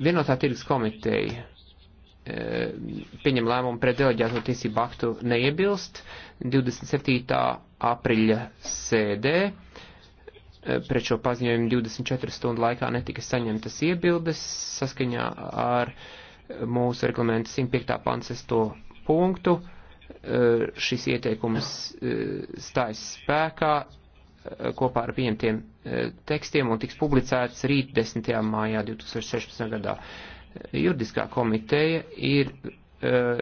vienotā tirgus komiteja e, pieņem lēmumu pret deleģēto tiesību aktu neiebilst 27. aprīļa sēdē. E, pret šo paziņojumu 24 stundu laikā netika saņemtas iebildes saskaņā ar mūsu reglamentu 105. pants 6. punktu. E, šis ieteikums stājas spēkā Eh, kopā ar pieņemtiem eh, tekstiem un tiks publicēts rīt 10. mājā 2016. gadā. Juridiskā komiteja ir eh,